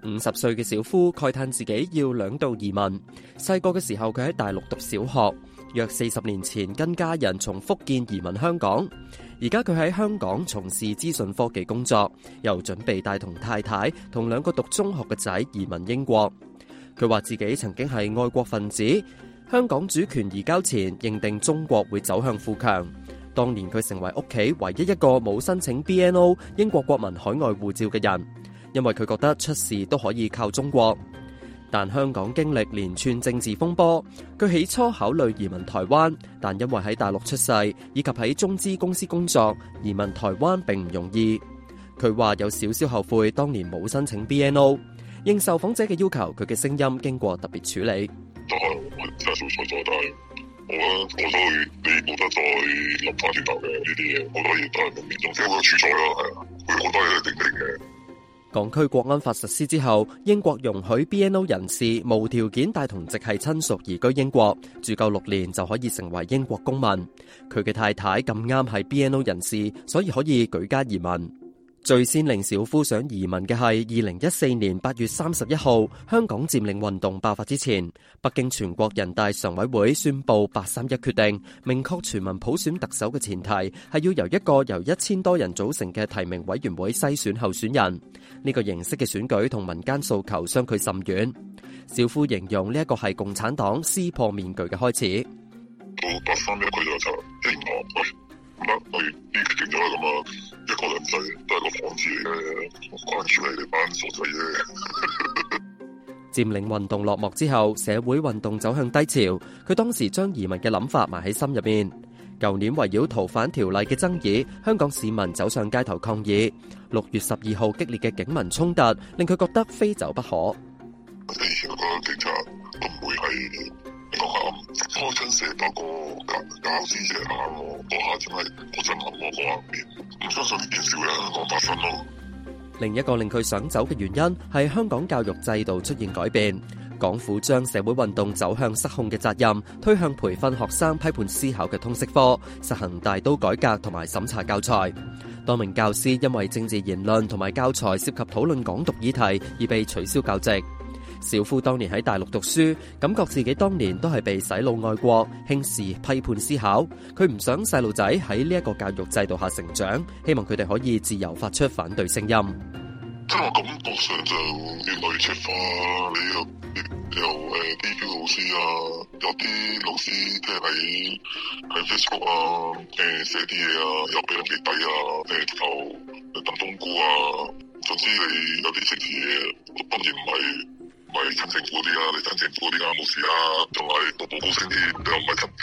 五十歲嘅小夫慨嘆自己要兩度移民。細個嘅時候，佢喺大陸讀小學，約四十年前跟家人從福建移民香港。而家佢喺香港從事資訊科技工作，又準備帶同太太同兩個讀中學嘅仔移民英國。佢話自己曾經係愛國分子，香港主權移交前認定中國會走向富強。當年佢成為屋企唯一一個冇申請 BNO 英國國民海外護照嘅人，因為佢覺得出事都可以靠中國。但香港經歷連串政治風波，佢起初考慮移民台灣，但因為喺大陸出世以及喺中資公司工作，移民台灣並唔容易。佢話有少少後悔當年冇申請 BNO。應受訪者嘅要求，佢嘅聲音經過特別處理。但係我而家做賽賽，但係我咧，我都你冇得再立翻轉頭嘅呢啲嘢，好多嘢都係冇變動，只有個取賽咯，係啊，佢好多嘢都係定定嘅。港區國安法實施之後，英國容許 BNO 人士無條件帶同直系親屬移居英國，住夠六年就可以成為英國公民。佢嘅太太咁啱係 BNO 人士，所以可以舉家移民。最先令小夫想移民嘅係二零一四年八月三十一號，香港佔領運動爆發之前，北京全國人大常委會宣布八三一決定，明確全民普選特首嘅前提係要由一個由一千多人組成嘅提名委員會篩選候選人。呢個形式嘅選舉同民間訴求相距甚遠。小夫形容呢一個係共產黨撕破面具嘅開始。一個靚仔都係個幌子嘅，關注你哋班傻仔嘅。佔領運動落幕之後，社會運動走向低潮。佢當時將移民嘅諗法埋喺心入面。舊年圍繞逃犯條例嘅爭議，香港市民走上街頭抗議。六月十二號激烈嘅警民衝突，令佢覺得非走不可。我哋以前個警察唔會係。都係開親社，八個教教師者喊，我當下真係好震撼喎，嗰一面唔相信呢件事會喺香港發生咯。另一個令佢想走嘅原因，係香港教育制度出現改變，港府將社會運動走向失控嘅責任推向培訓學生批判思考嘅通識科，實行大刀改革同埋審查教材。多名教師因為政治言論同埋教材涉及討論港獨議題而被取消教職。小夫當年喺大陸讀書，感覺自己當年都係被洗腦愛國、輕視批判思考。佢唔想細路仔喺呢一個教育制度下成長，希望佢哋可以自由發出反對聲音。即係我感覺上就越來越激化，你又又誒啲老師啊，有啲老師即係喺喺 Facebook 啊，誒寫啲嘢啊，又俾人極低啊，誒就燉冬菇啊，總之你有啲食嘢當然唔係。係親政府啲啊，你親政府啲啊，冇事啊，仲係步步高升添。你又唔係趁，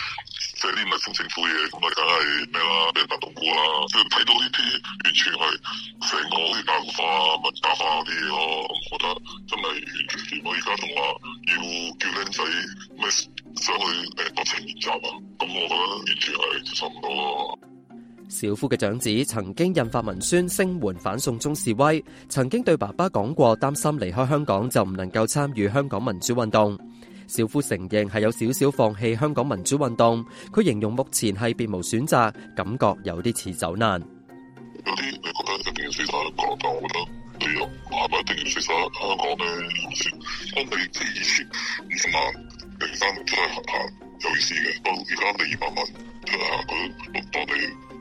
這啲唔係親政府嘅嘢，咁咪梗係咩啦？咩揼同股啦？即係睇到呢啲，完全係成個好似大陸化啊、文革化啲咯。我覺得真係完全我而家仲話要叫靚仔咩想去誒讀青年雜啊，咁我覺得完全係接受唔到。小夫嘅長子曾經印發文宣聲援反送中示威，曾經對爸爸講過擔心離開香港就唔能夠參與香港民主運動。小夫承認係有少少放棄香港民主運動，佢形容目前係別無選擇，感覺有啲似走難。有啲你覺得一定要死晒香港，但係我覺得你又係咪一定要死晒香港咧？因為之前五萬零三出嚟，核彈有意思嘅，到而家第二百萬出嚟核彈，當地。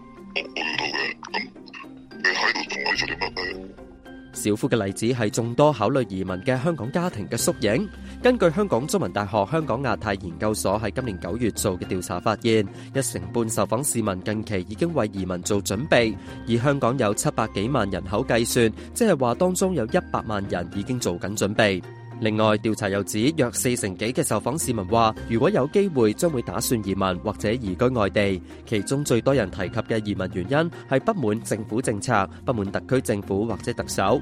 小夫嘅例子係眾多考慮移民嘅香港家庭嘅縮影。根據香港中文大學香港亞太研究所喺今年九月做嘅調查發現，一成半受訪市民近期已經為移民做準備，而香港有七百幾萬人口計算，即係話當中有一百萬人已經做緊準備。另外，調查又指約四成幾嘅受訪市民話，如果有機會，將會打算移民或者移居外地，其中最多人提及嘅移民原因係不滿政府政策、不滿特區政府或者特首。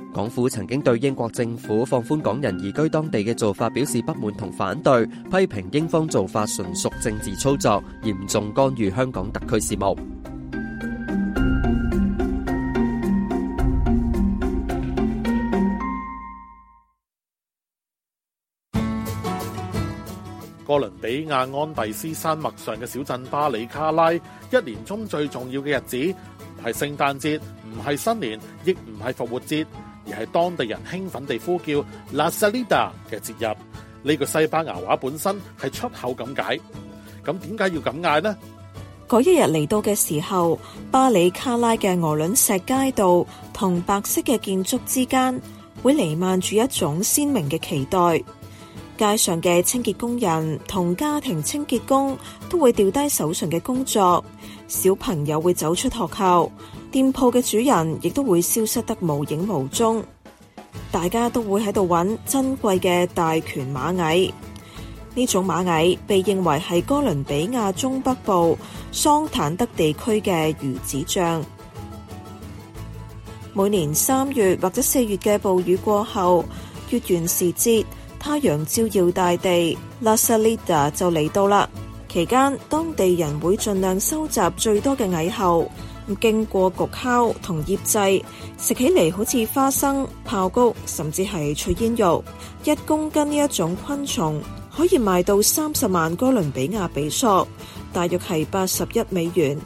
港府曾經對英國政府放寬港人移居當地嘅做法表示不滿同反對，批評英方做法純屬政治操作，嚴重干預香港特區事務。哥倫比亞安第斯山脈上嘅小鎮巴里卡拉，一年中最重要嘅日子係聖誕節，唔係新年，亦唔係復活節。而係當地人興奮地呼叫 La Salida 嘅節日，呢個西班牙話本身係出口咁解，咁點解要咁嗌呢？嗰一日嚟到嘅時候，巴里卡拉嘅鵝卵石街道同白色嘅建築之間會瀰漫住一種鮮明嘅期待，街上嘅清潔工人同家庭清潔工都會掉低手上嘅工作，小朋友會走出學校。店鋪嘅主人亦都會消失得無影無蹤，大家都會喺度揾珍貴嘅大權螞蟻。呢種螞蟻被認為係哥倫比亞中北部桑坦德地區嘅魚子醬。每年三月或者四月嘅暴雨過後，月圓時節，太陽照耀大地，La Salida 就嚟到啦。期間，當地人會盡量收集最多嘅蟻后。經過焗烤同醃製，食起嚟，好似花生、爆谷，甚至係脆煙肉。一公斤呢一種昆蟲可以賣到三十萬哥倫比亞比索，大約係八十一美元，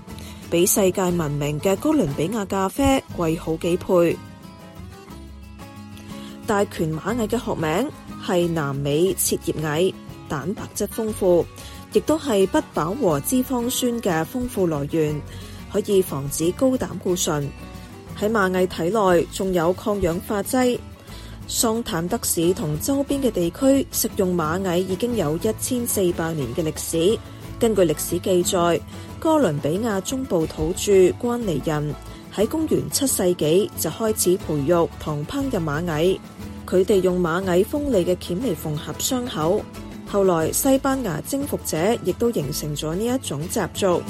比世界聞名嘅哥倫比亞咖啡貴好幾倍。大權螞蟻嘅學名係南美切葉蟻，蛋白質豐富，亦都係不飽和脂肪酸嘅豐富來源。可以防止高膽固醇。喺螞蟻體內仲有抗氧化劑。桑坦德市同周邊嘅地區食用螞蟻已經有一千四百年嘅歷史。根據歷史記載，哥倫比亞中部土著關尼人喺公元七世紀就開始培育同烹飪嘅螞蟻。佢哋用螞蟻鋒利嘅鉗嚟縫合傷口。後來西班牙征服者亦都形成咗呢一種習俗。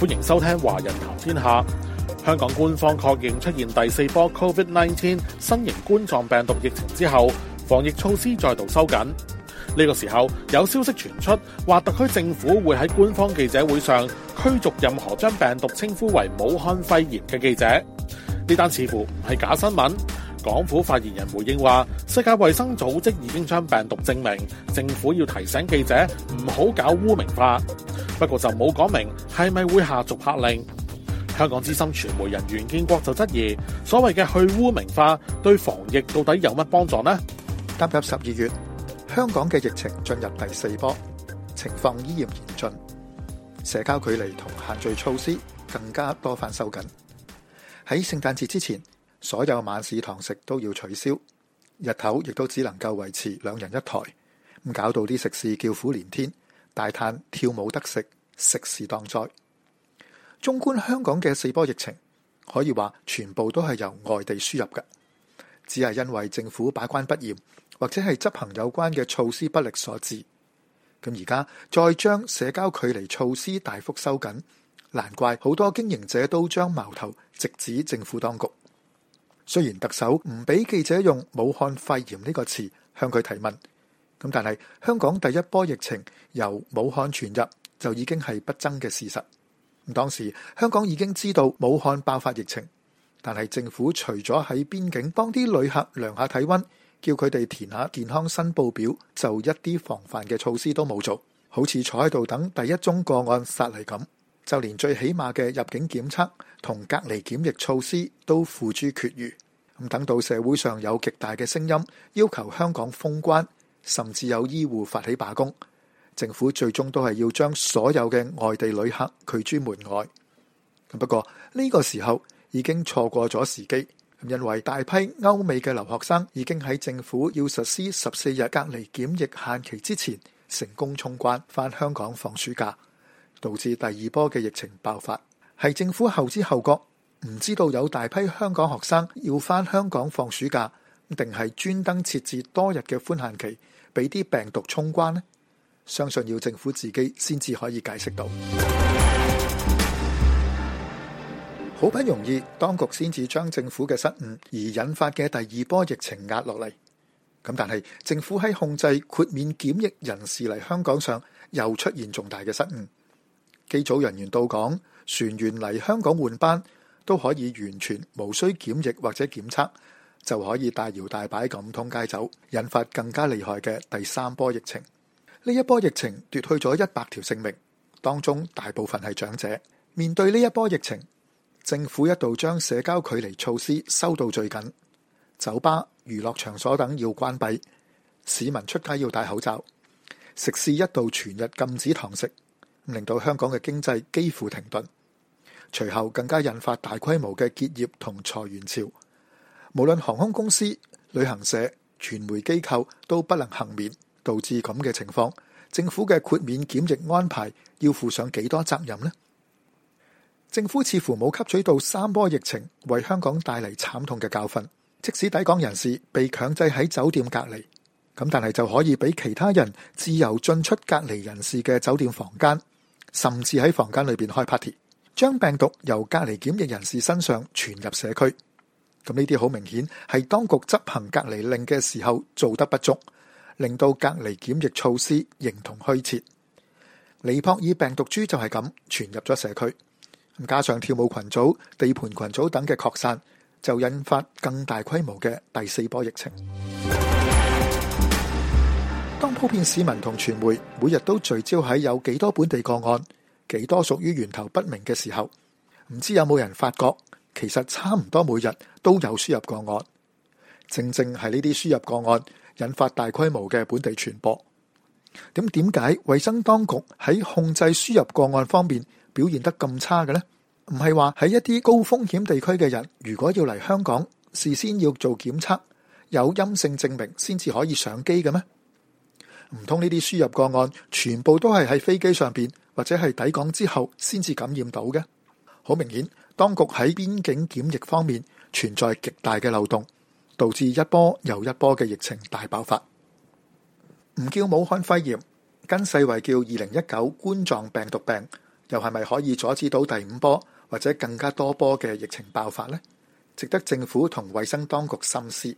歡迎收聽《華人談天下》。香港官方確認出現第四波 COVID-19 新型冠狀病毒疫情之後，防疫措施再度收緊。呢個時候有消息傳出，話特區政府會喺官方記者會上驅逐任何將病毒稱呼為武漢肺炎嘅記者。呢單似乎唔係假新聞。港府發言人回應話：世界衛生組織已經將病毒證明，政府要提醒記者唔好搞污名化。不過就冇講明係咪會下逐客令。香港資深傳媒人袁建國就質疑：所謂嘅去污名化對防疫到底有乜幫助呢？踏入十二月，香港嘅疫情進入第四波，情況依然嚴峻，社交距離同限聚措施更加多番收緊。喺聖誕節之前，所有晚市堂食都要取消，日頭亦都只能夠維持兩人一台，咁搞到啲食肆叫苦連天，大嘆跳舞得食，食肆當災。縱觀香港嘅四波疫情，可以話全部都係由外地輸入嘅，只係因為政府把關不嚴或者係執行有關嘅措施不力所致。咁而家再將社交距離措施大幅收緊，難怪好多經營者都將矛頭直指政府當局。雖然特首唔俾記者用武漢肺炎呢個詞向佢提問，咁但係香港第一波疫情由武漢傳入就已經係不爭嘅事實。咁當時香港已經知道武漢爆發疫情，但係政府除咗喺邊境幫啲旅客量下體温，叫佢哋填下健康申報表，就一啲防範嘅措施都冇做，好似坐喺度等第一宗個案殺嚟咁。就連最起碼嘅入境檢測同隔離檢疫措施都付諸闕如，咁等到社會上有極大嘅聲音要求香港封關，甚至有醫護發起罷工，政府最終都係要將所有嘅外地旅客拒諸門外。不過呢個時候已經錯過咗時機，因為大批歐美嘅留學生已經喺政府要實施十四日隔離檢疫限期之前成功衝關翻香港放暑假。導致第二波嘅疫情爆發，係政府後知後覺，唔知道有大批香港學生要返香港放暑假，定係專登設置多日嘅寬限期，俾啲病毒衝關呢？相信要政府自己先至可以解釋到。好不容易當局先至將政府嘅失誤而引發嘅第二波疫情壓落嚟，咁但係政府喺控制豁免檢疫人士嚟香港上又出現重大嘅失誤。機組人員到港，船員嚟香港換班，都可以完全無需檢疫或者檢測，就可以大搖大擺咁通街走，引發更加厲害嘅第三波疫情。呢一波疫情奪去咗一百條性命，當中大部分係長者。面對呢一波疫情，政府一度將社交距離措施收到最緊，酒吧、娛樂場所等要關閉，市民出街要戴口罩，食肆一度全日禁止堂食。令到香港嘅經濟幾乎停頓，隨後更加引發大規模嘅結業同裁員潮。無論航空公司、旅行社、傳媒機構都不能幸免，導致咁嘅情況。政府嘅豁免檢疫安排要負上幾多責任呢？政府似乎冇吸取到三波疫情為香港帶嚟慘痛嘅教訓。即使抵港人士被強制喺酒店隔離，咁但係就可以俾其他人自由進出隔離人士嘅酒店房間。甚至喺房間裏邊開 party，將病毒由隔離檢疫人士身上傳入社區。咁呢啲好明顯係當局執行隔離令嘅時候做得不足，令到隔離檢疫措施形同虛設。尼泊爾病毒株就係咁傳入咗社區，加上跳舞群組、地盤群組等嘅擴散，就引發更大規模嘅第四波疫情。當普遍市民同傳媒每日都聚焦喺有幾多本地個案，幾多屬於源頭不明嘅時候，唔知有冇人發覺，其實差唔多每日都有輸入個案。正正係呢啲輸入個案引發大規模嘅本地傳播。咁點解衛生當局喺控制輸入個案方面表現得咁差嘅呢？唔係話喺一啲高風險地區嘅人，如果要嚟香港，事先要做檢測，有陰性證明先至可以上機嘅咩？唔通呢啲輸入個案全部都係喺飛機上邊或者係抵港之後先至感染到嘅？好明顯，當局喺邊境檢疫方面存在極大嘅漏洞，導致一波又一波嘅疫情大爆發。唔叫武漢肺炎，跟世衛叫二零一九冠狀病毒病，又係咪可以阻止到第五波或者更加多波嘅疫情爆發呢？值得政府同衛生當局深思。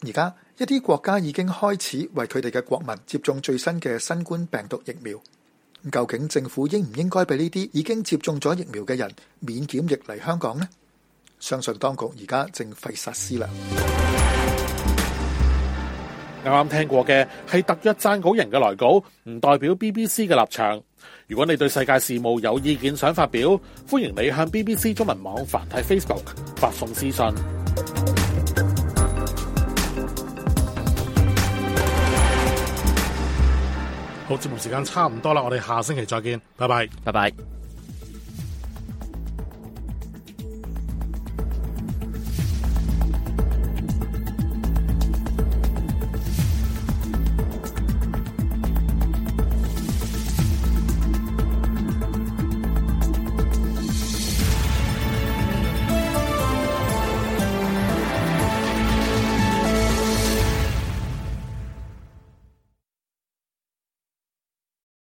而家。一啲國家已經開始為佢哋嘅國民接種最新嘅新冠病毒疫苗，究竟政府應唔應該俾呢啲已經接種咗疫苗嘅人免檢疫嚟香港呢？相信當局而家正費煞思啦。啱啱聽過嘅係特約撰稿人嘅來稿，唔代表 BBC 嘅立場。如果你對世界事務有意見想發表，歡迎你向 BBC 中文網繁體 Facebook 發送私信。好，節目時間差唔多啦，我哋下星期再見，拜拜，拜拜。